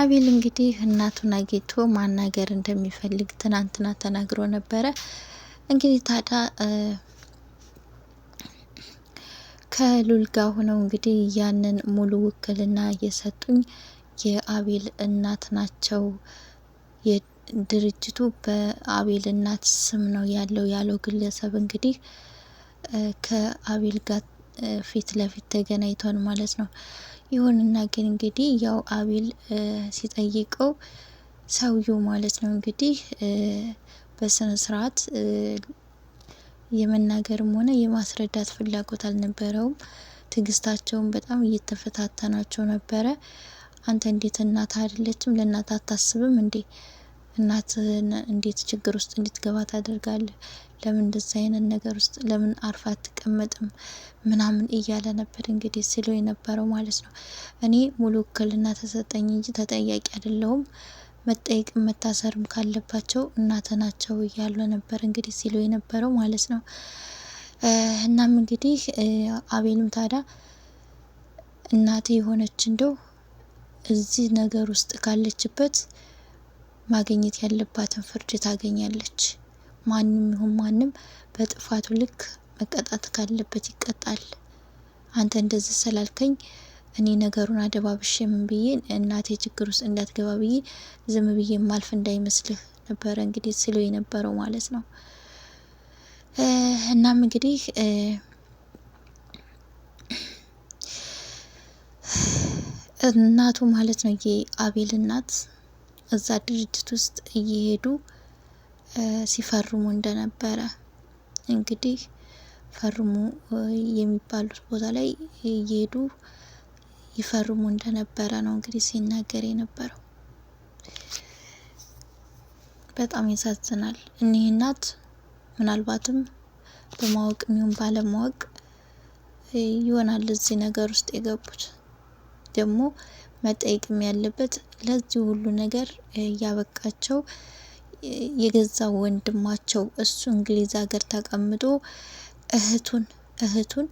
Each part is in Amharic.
አቤል እንግዲህ እናቱን አግኝቶ ማናገር እንደሚፈልግ ትናንትና ተናግሮ ነበረ። እንግዲህ ታዲያ ከሉል ጋር ሆነው እንግዲህ ያንን ሙሉ ውክልና እየሰጡኝ የአቤል እናት ናቸው። ድርጅቱ በአቤል እናት ስም ነው ያለው ያለው ግለሰብ እንግዲህ ከአቤል ጋር ፊት ለፊት ተገናኝቷል ማለት ነው። ይሁንና ግን እንግዲህ ያው አቤል ሲጠይቀው ሰውየው ማለት ነው እንግዲህ በስነ ስርዓት የመናገርም ሆነ የማስረዳት ፍላጎት አልነበረውም። ትግስታቸውን በጣም እየተፈታተናቸው ነበረ። አንተ እንዴት እናት አይደለችም? ለእናት አታስብም እንዴ? እናትህን እንዴት ችግር ውስጥ እንድትገባ ታደርጋለህ? ለምን እንደዛ አይነት ነገር ውስጥ ለምን አርፋ አትቀመጥም? ምናምን እያለ ነበር እንግዲህ ሲለው የነበረው ማለት ነው። እኔ ሙሉ ውክልና ተሰጠኝ እንጂ ተጠያቂ አይደለሁም። መጠይቅም መታሰርም ካለባቸው እናተ ናቸው እያሉ ነበር እንግዲህ ሲለው የነበረው ማለት ነው። እናም እንግዲህ አቤልም ታዲያ እናቴ የሆነች እንደው እዚህ ነገር ውስጥ ካለችበት ማግኘት ያለባትን ፍርድ ታገኛለች። ማንም ይሁን ማንም በጥፋቱ ልክ መቀጣት ካለበት ይቀጣል። አንተ እንደዚህ ስላልከኝ እኔ ነገሩን አደባብሽ ምን ብዬ እናቴ ችግር ውስጥ እንዳትገባ ብዬ ዝም ብዬ ማልፍ እንዳይመስልህ ነበረ እንግዲህ ስሎ የነበረው ማለት ነው። እናም እንግዲህ እናቱ ማለት ነው የአቤል እናት እዛ ድርጅት ውስጥ እየሄዱ ሲፈርሙ እንደነበረ እንግዲህ ፈርሙ የሚባሉት ቦታ ላይ እየሄዱ ይፈርሙ እንደነበረ ነው እንግዲህ ሲናገር የነበረው። በጣም ያሳዝናል። እኒህ እናት ምናልባትም በማወቅ የሚሆን ባለማወቅ ይሆናል እዚህ ነገር ውስጥ የገቡት ደግሞ መጠየቅም ያለበት ለዚህ ሁሉ ነገር እያበቃቸው የገዛ ወንድማቸው እሱ እንግሊዝ ሀገር ተቀምጦ እህቱን እህቱን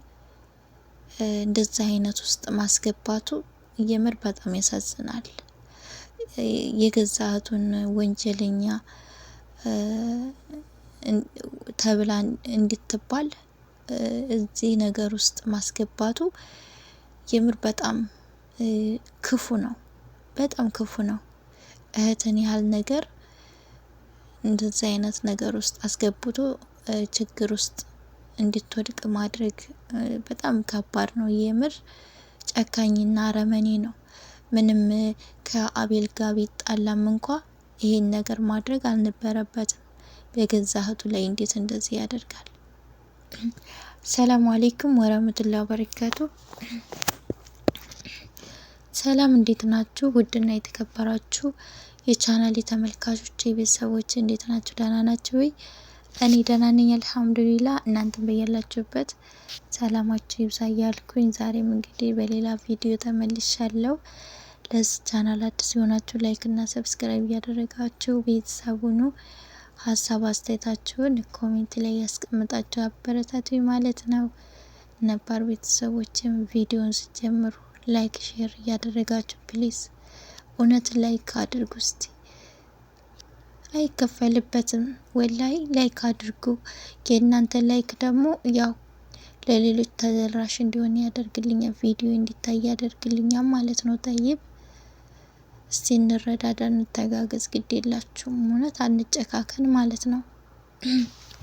እንደዚህ አይነት ውስጥ ማስገባቱ የምር በጣም ያሳዝናል። የገዛ እህቱን ወንጀለኛ ተብላ እንድትባል እዚህ ነገር ውስጥ ማስገባቱ የምር በጣም ክፉ ነው፣ በጣም ክፉ ነው። እህትን ያህል ነገር እንደዚህ አይነት ነገር ውስጥ አስገብቶ ችግር ውስጥ እንድትወድቅ ማድረግ በጣም ከባድ ነው። የምር ጨካኝና አረመኔ ነው። ምንም ከአቤል ጋር ቢጣላም እንኳ ይሄን ነገር ማድረግ አልነበረበትም። በገዛ እህቱ ላይ እንዴት እንደዚህ ያደርጋል? ሰላም አሌይኩም ወረመቱላ ወበረካቱ። ሰላም እንዴት ናችሁ? ውድና የተከበራችሁ የቻናል ተመልካቾች ቤተሰቦች እንዴት ናችሁ? ደህና ናችሁ ወይ? እኔ ደህና ነኝ አልሐምዱሊላ። እናንተም በያላችሁበት ሰላማችሁ ይብዛ እያልኩኝ ዛሬም እንግዲህ በሌላ ቪዲዮ ተመልሻለሁ። ለዚህ ቻናል አዲስ የሆናችሁ ላይክ እና ሰብስክራይብ እያደረጋችሁ ቤተሰቡ ነው። ሀሳብ አስተያየታችሁን ኮሜንት ላይ ያስቀምጣችሁ አበረታቱኝ ማለት ነው። ነባር ቤተሰቦችም ቪዲዮን ሲጀምሩ ላይክ ሼር እያደረጋችሁ ፕሊዝ እውነት ላይክ አድርጉ እስቲ። አይከፈልበትም ወላይ ላይክ አድርጉ። የእናንተ ላይክ ደግሞ ያው ለሌሎች ተደራሽ እንዲሆን ያደርግልኛል፣ ቪዲዮ እንዲታይ ያደርግልኛል ማለት ነው። ጠይብ እስቲ እንረዳዳ፣ እንተጋገዝ። ግድ የላችሁም እውነት አንጨካከን ማለት ነው።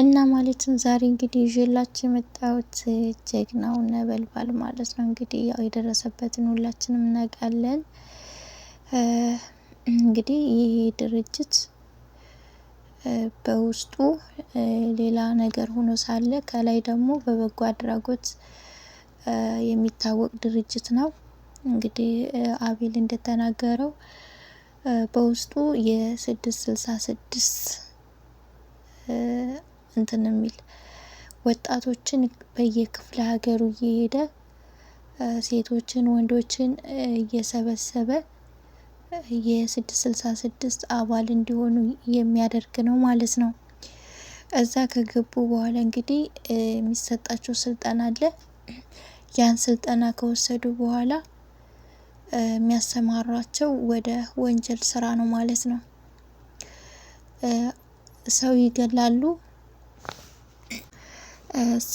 እና ማለትም ዛሬ እንግዲህ ይዤላችሁ የመጣሁት ጀግናው ነበልባል ማለት ነው። እንግዲህ ያው የደረሰበትን ሁላችንም እናውቃለን። እንግዲህ ይህ ድርጅት በውስጡ ሌላ ነገር ሆኖ ሳለ ከላይ ደግሞ በበጎ አድራጎት የሚታወቅ ድርጅት ነው። እንግዲህ አቤል እንደተናገረው በውስጡ የስድስት ስልሳ ስድስት እንትን የሚል ወጣቶችን በየክፍለ ሀገሩ እየሄደ ሴቶችን ወንዶችን እየሰበሰበ የስድስት ስልሳ ስድስት አባል እንዲሆኑ የሚያደርግ ነው ማለት ነው። እዛ ከገቡ በኋላ እንግዲህ የሚሰጣቸው ስልጠና አለ። ያን ስልጠና ከወሰዱ በኋላ የሚያሰማሯቸው ወደ ወንጀል ስራ ነው ማለት ነው። ሰው ይገላሉ።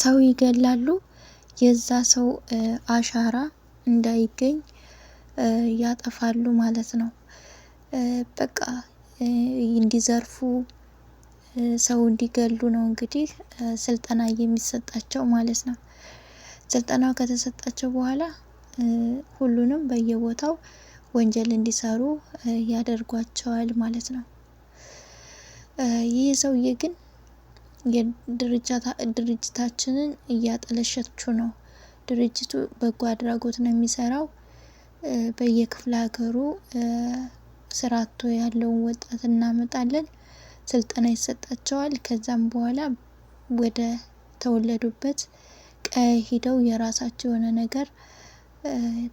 ሰው ይገላሉ። የዛ ሰው አሻራ እንዳይገኝ ያጠፋሉ ማለት ነው። በቃ እንዲዘርፉ ሰው እንዲገሉ ነው እንግዲህ ስልጠና የሚሰጣቸው ማለት ነው። ስልጠናው ከተሰጣቸው በኋላ ሁሉንም በየቦታው ወንጀል እንዲሰሩ ያደርጓቸዋል ማለት ነው። ይህ ሰውዬ ግን ድርጅታችንን እያጠለሸችው ነው። ድርጅቱ በጎ አድራጎት ነው የሚሰራው። በየክፍለ ሀገሩ ስራ አጥቶ ያለውን ወጣት እናመጣለን። ስልጠና ይሰጣቸዋል። ከዛም በኋላ ወደ ተወለዱበት ቀይ ሂደው የራሳቸው የሆነ ነገር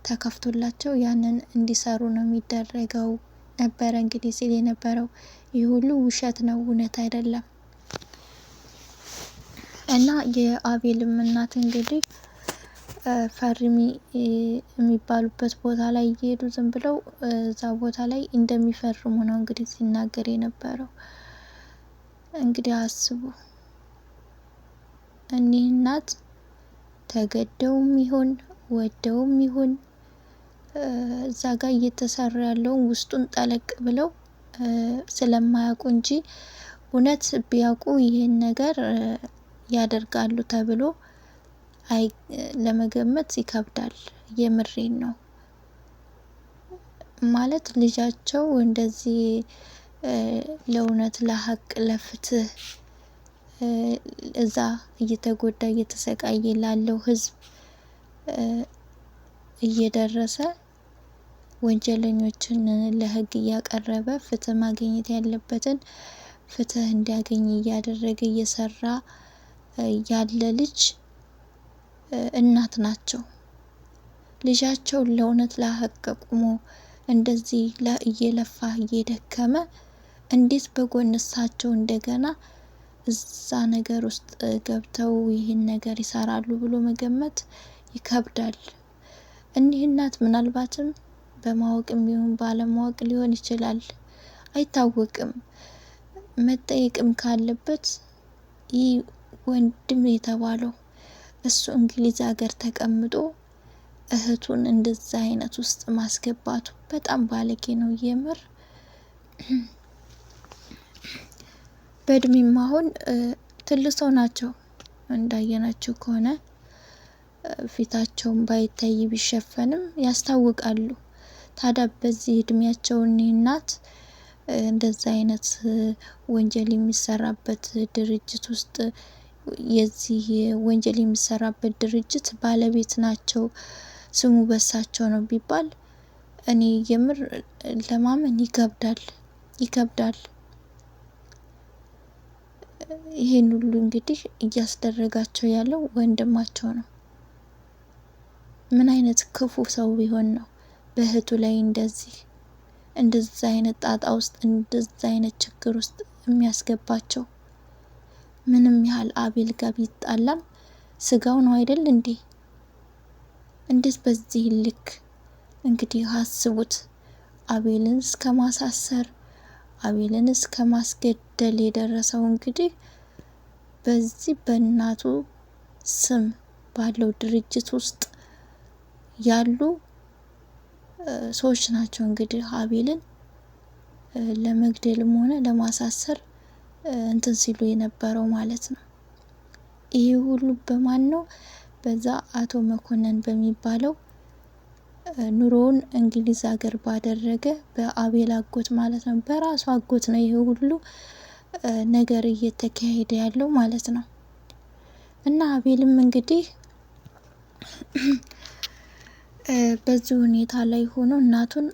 ተከፍቶላቸው ያንን እንዲሰሩ ነው የሚደረገው ነበረ እንግዲህ ሲል የነበረው። ይህ ሁሉ ውሸት ነው፣ እውነት አይደለም። እና የአቤልም እናት እንግዲህ ፈርሚ የሚባሉበት ቦታ ላይ እየሄዱ ዝም ብለው እዛ ቦታ ላይ እንደሚፈርሙ ነው እንግዲህ ሲናገር የነበረው። እንግዲህ አስቡ እኒህ እናት ተገደውም ይሆን ወደውም ይሆን እዛ ጋር እየተሰራ ያለውን ውስጡን ጠለቅ ብለው ስለማያውቁ እንጂ እውነት ቢያውቁ ይህን ነገር ያደርጋሉ ተብሎ ለመገመት ይከብዳል። የምሬን ነው። ማለት ልጃቸው እንደዚህ ለእውነት፣ ለሀቅ፣ ለፍትህ እዛ እየተጎዳ እየተሰቃየ ላለው ህዝብ እየደረሰ ወንጀለኞችን ለህግ እያቀረበ ፍትህ ማግኘት ያለበትን ፍትህ እንዲያገኝ እያደረገ እየሰራ ያለ ልጅ እናት ናቸው። ልጃቸውን ለእውነት ለሀቅ ቁሞ እንደዚህ እየለፋ እየደከመ እንዴት በጎን እሳቸው እንደገና እዛ ነገር ውስጥ ገብተው ይህን ነገር ይሰራሉ ብሎ መገመት ይከብዳል። እኒህ እናት ምናልባትም በማወቅም ቢሆን ባለማወቅ ሊሆን ይችላል፣ አይታወቅም። መጠየቅም ካለበት ይህ ወንድም የተባለው እሱ እንግሊዝ ሀገር ተቀምጦ እህቱን እንደዛ አይነት ውስጥ ማስገባቱ በጣም ባለጌ ነው። የምር በእድሜም አሁን ትልቅ ሰው ናቸው። እንዳየናቸው ከሆነ ፊታቸውን ባይታይ ቢሸፈንም ያስታውቃሉ። ታዲያ በዚህ እድሜያቸው እኒህ እናት እንደዛ አይነት ወንጀል የሚሰራበት ድርጅት ውስጥ የዚህ ወንጀል የሚሰራበት ድርጅት ባለቤት ናቸው፣ ስሙ በሳቸው ነው ቢባል እኔ የምር ለማመን ይከብዳል ይከብዳል። ይሄን ሁሉ እንግዲህ እያስደረጋቸው ያለው ወንድማቸው ነው። ምን አይነት ክፉ ሰው ቢሆን ነው በእህቱ ላይ እንደዚህ እንደዚህ አይነት ጣጣ ውስጥ እንደዚህ አይነት ችግር ውስጥ የሚያስገባቸው? ምንም ያህል አቤል ጋር ቢጣላም ስጋው ነው አይደል እንዴ? እንዴት በዚህ ልክ እንግዲህ አስቡት። አቤልን እስከ ማሳሰር አቤልን እስከ ማስገደል የደረሰው እንግዲህ በዚህ በእናቱ ስም ባለው ድርጅት ውስጥ ያሉ ሰዎች ናቸው እንግዲህ አቤልን ለመግደልም ሆነ ለማሳሰር እንትን ሲሉ የነበረው ማለት ነው። ይሄ ሁሉ በማን ነው? በዛ አቶ መኮንን በሚባለው ኑሮውን እንግሊዝ ሀገር ባደረገ በአቤል አጎት ማለት ነው። በራሱ አጎት ነው ይሄ ሁሉ ነገር እየተካሄደ ያለው ማለት ነው። እና አቤልም እንግዲህ በዚህ ሁኔታ ላይ ሆኖ እናቱን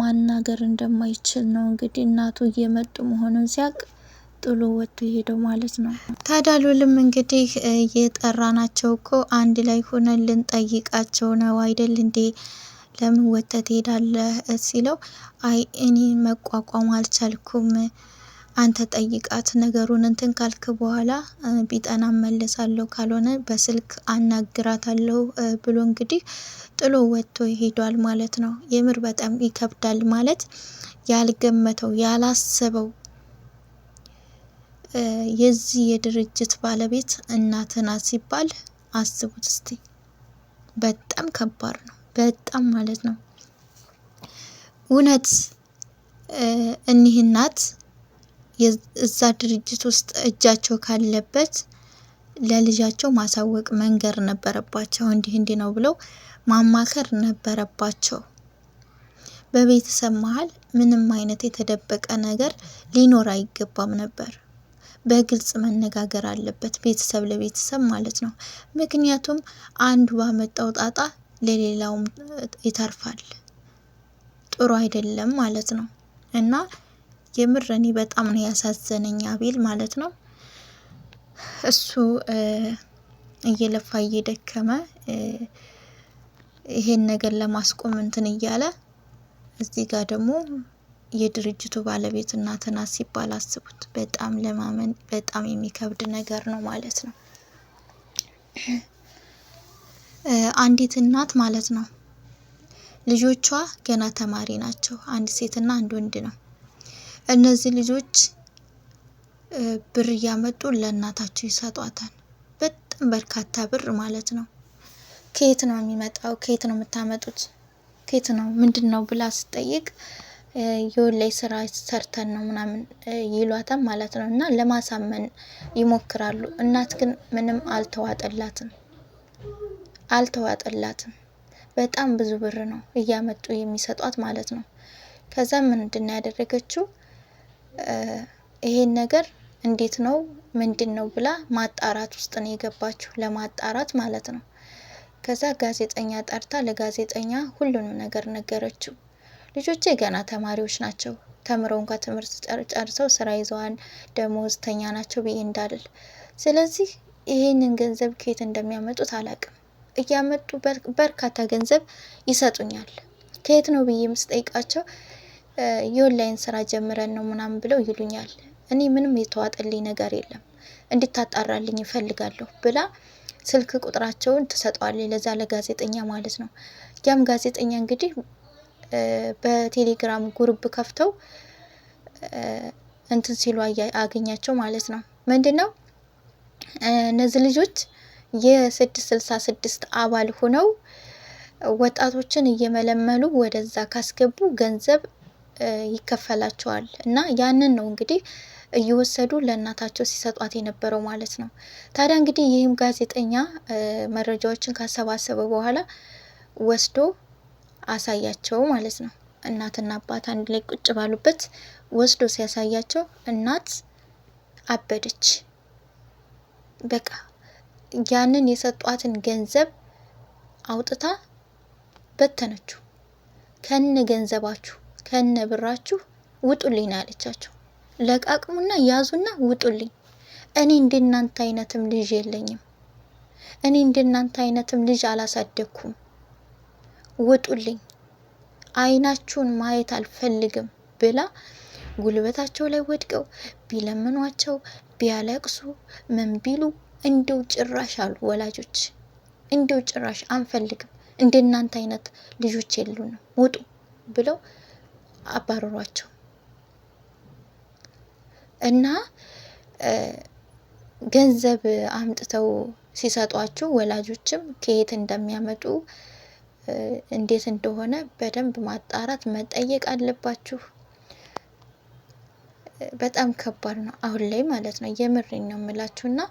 ማናገር እንደማይችል ነው እንግዲህ እናቱ እየመጡ መሆኑን ሲያውቅ ጥሎ ወጥቶ ሄደው ማለት ነው። ታዳሉልም እንግዲህ እየጠራ ናቸው እኮ አንድ ላይ ሆነን ልንጠይቃቸው ነው አይደል እንዴ ለምን ወጥተህ ትሄዳለህ ሲለው አይ እኔ መቋቋም አልቻልኩም አንተ ጠይቃት ነገሩን እንትን ካልክ በኋላ ቢጠና መለሳለሁ፣ ካልሆነ በስልክ አናግራታለሁ ብሎ እንግዲህ ጥሎ ወጥቶ ይሄዷል ማለት ነው። የምር በጣም ይከብዳል ማለት ያልገመተው ያላሰበው የዚህ የድርጅት ባለቤት እናት ናት ሲባል አስቡት እስቲ። በጣም ከባድ ነው፣ በጣም ማለት ነው። እውነት እኒህ እናት እዛ ድርጅት ውስጥ እጃቸው ካለበት ለልጃቸው ማሳወቅ መንገር ነበረባቸው። እንዲህ እንዲህ ነው ብለው ማማከር ነበረባቸው። በቤተሰብ መሀል ምንም አይነት የተደበቀ ነገር ሊኖር አይገባም ነበር። በግልጽ መነጋገር አለበት፣ ቤተሰብ ለቤተሰብ ማለት ነው። ምክንያቱም አንዱ ባመጣው ጣጣ ለሌላውም ይተርፋል። ጥሩ አይደለም ማለት ነው። እና የምር እኔ በጣም ነው ያሳዘነኝ አቤል ማለት ነው። እሱ እየለፋ እየደከመ ይሄን ነገር ለማስቆም እንትን እያለ እዚህ ጋር ደግሞ የድርጅቱ እና ትናንት ሲባል አስቡት። በጣም ለማመን በጣም የሚከብድ ነገር ነው ማለት ነው። አንዲት እናት ማለት ነው ልጆቿ ገና ተማሪ ናቸው። አንድ ሴትና አንድ ወንድ ነው። እነዚህ ልጆች ብር እያመጡ ለእናታቸው ይሰጧታል። በጣም በርካታ ብር ማለት ነው። ከየት ነው የሚመጣው? ከየት ነው የምታመጡት? ከየት ነው ምንድን ነው ብላ ስጠይቅ የወላይ ላይ ስራ ሰርተን ነው ምናምን ይሏታል ማለት ነው። እና ለማሳመን ይሞክራሉ። እናት ግን ምንም አልተዋጠላትም አልተዋጠላትም። በጣም ብዙ ብር ነው እያመጡ የሚሰጧት ማለት ነው። ከዛ ምንድን ያደረገችው ይሄን ነገር እንዴት ነው ምንድን ነው ብላ ማጣራት ውስጥ ነው የገባችው፣ ለማጣራት ማለት ነው። ከዛ ጋዜጠኛ ጠርታ ለጋዜጠኛ ሁሉንም ነገር ነገረችው። ልጆቼ ገና ተማሪዎች ናቸው። ተምረው እንኳ ትምህርት ጨርሰው ስራ ይዘዋል፣ ደሞዝተኛ ናቸው ብዬ እንዳልል። ስለዚህ ይህንን ገንዘብ ከየት እንደሚያመጡት አላቅም። እያመጡ በርካታ ገንዘብ ይሰጡኛል። ከየት ነው ብዬ ምስጠይቃቸው የኦንላይን ስራ ጀምረን ነው ምናምን ብለው ይሉኛል። እኔ ምንም የተዋጠልኝ ነገር የለም እንድታጣራልኝ ይፈልጋለሁ ብላ ስልክ ቁጥራቸውን ትሰጠዋለች ለዛ ለጋዜጠኛ ማለት ነው። ያም ጋዜጠኛ እንግዲህ በቴሌግራም ጉርብ ከፍተው እንትን ሲሉ አገኛቸው ማለት ነው። ምንድን ነው እነዚህ ልጆች የስድስት ስልሳ ስድስት አባል ሆነው ወጣቶችን እየመለመሉ ወደዛ ካስገቡ ገንዘብ ይከፈላቸዋል እና ያንን ነው እንግዲህ እየወሰዱ ለእናታቸው ሲሰጧት የነበረው ማለት ነው። ታዲያ እንግዲህ ይህም ጋዜጠኛ መረጃዎችን ካሰባሰበ በኋላ ወስዶ አሳያቸው ማለት ነው። እናትና አባት አንድ ላይ ቁጭ ባሉበት ወስዶ ሲያሳያቸው እናት አበደች። በቃ ያንን የሰጧትን ገንዘብ አውጥታ በተነችው። ከነ ገንዘባችሁ ከነ ብራችሁ ውጡልኝ ነው ያለቻቸው። ለቃቅሙና ያዙና ውጡልኝ። እኔ እንደናንተ አይነትም ልጅ የለኝም። እኔ እንደናንተ አይነትም ልጅ አላሳደግኩም። ውጡልኝ፣ አይናችሁን ማየት አልፈልግም ብላ ጉልበታቸው ላይ ወድቀው ቢለምኗቸው ቢያለቅሱ ምን ቢሉ እንደው ጭራሽ አሉ ወላጆች፣ እንደው ጭራሽ አንፈልግም እንደናንተ አይነት ልጆች የሉንም ውጡ ብለው አባረሯቸው እና ገንዘብ አምጥተው ሲሰጧቸው ወላጆችም ከየት እንደሚያመጡ እንዴት እንደሆነ በደንብ ማጣራት መጠየቅ አለባችሁ። በጣም ከባድ ነው አሁን ላይ ማለት ነው። የምሬን ነው የምላችሁ እና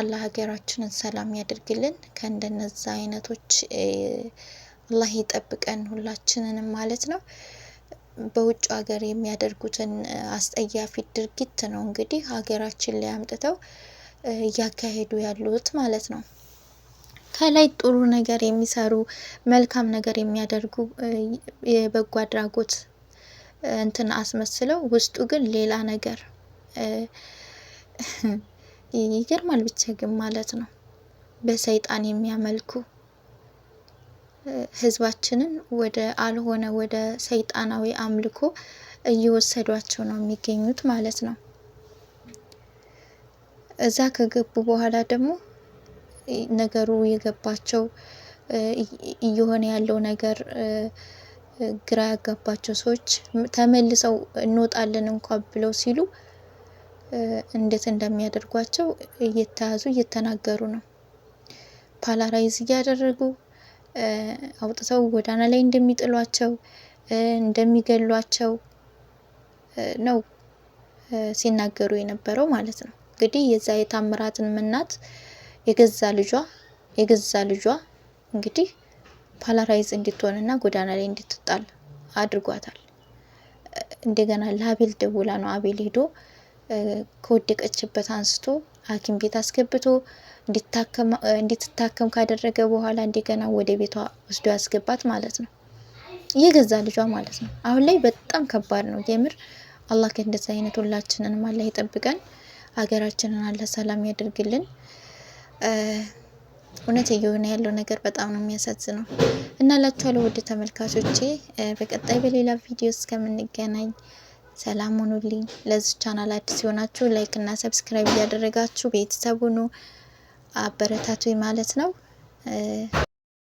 አላህ ሀገራችንን ሰላም ያደርግልን ከእንደነዛ አይነቶች አላህ ይጠብቀን ሁላችንንም ማለት ነው። በውጭ ሀገር የሚያደርጉትን አስጠያፊ ድርጊት ነው እንግዲህ ሀገራችን ላይ አምጥተው እያካሄዱ ያሉት ማለት ነው። ከላይ ጥሩ ነገር የሚሰሩ መልካም ነገር የሚያደርጉ የበጎ አድራጎት እንትን አስመስለው ውስጡ ግን ሌላ ነገር ይገርማል። ብቻ ግን ማለት ነው በሰይጣን የሚያመልኩ ህዝባችንን ወደ አልሆነ ወደ ሰይጣናዊ አምልኮ እየወሰዷቸው ነው የሚገኙት ማለት ነው። እዛ ከገቡ በኋላ ደግሞ ነገሩ የገባቸው እየሆነ ያለው ነገር ግራ ያጋባቸው ሰዎች ተመልሰው እንወጣለን እንኳ ብለው ሲሉ እንዴት እንደሚያደርጓቸው እየተያዙ እየተናገሩ ነው። ፓላራይዝ እያደረጉ አውጥተው ጎዳና ላይ እንደሚጥሏቸው እንደሚገሏቸው ነው ሲናገሩ የነበረው ማለት ነው። እንግዲህ የዛ የታምራትን እናት የገዛ ልጇ የገዛ ልጇ እንግዲህ ፓላራይዝ እንድትሆንና ጎዳና ላይ እንድትጣል አድርጓታል። እንደገና ለአቤል ደውላ ነው አቤል ሄዶ ከወደቀችበት አንስቶ ሐኪም ቤት አስገብቶ እንድትታከም ካደረገ በኋላ እንደገና ወደ ቤቷ ወስዶ ያስገባት ማለት ነው። የገዛ ልጇ ማለት ነው። አሁን ላይ በጣም ከባድ ነው የምር። አላህ ከእንደዚህ አይነት ሁላችንን አላህ ይጠብቀን። ሀገራችንን አላህ ሰላም ያደርግልን። እውነት እየሆነ ያለው ነገር በጣም ነው የሚያሳዝነው እና ላችኋለሁ ውድ ተመልካቾቼ በቀጣይ በሌላ ቪዲዮ እስከምንገናኝ ሰላም ሁኑልኝ። ለዚህ ቻናል አዲስ የሆናችሁ ላይክ እና ሰብስክራይብ እያደረጋችሁ ቤተሰቡኑ አበረታቱ ማለት ነው።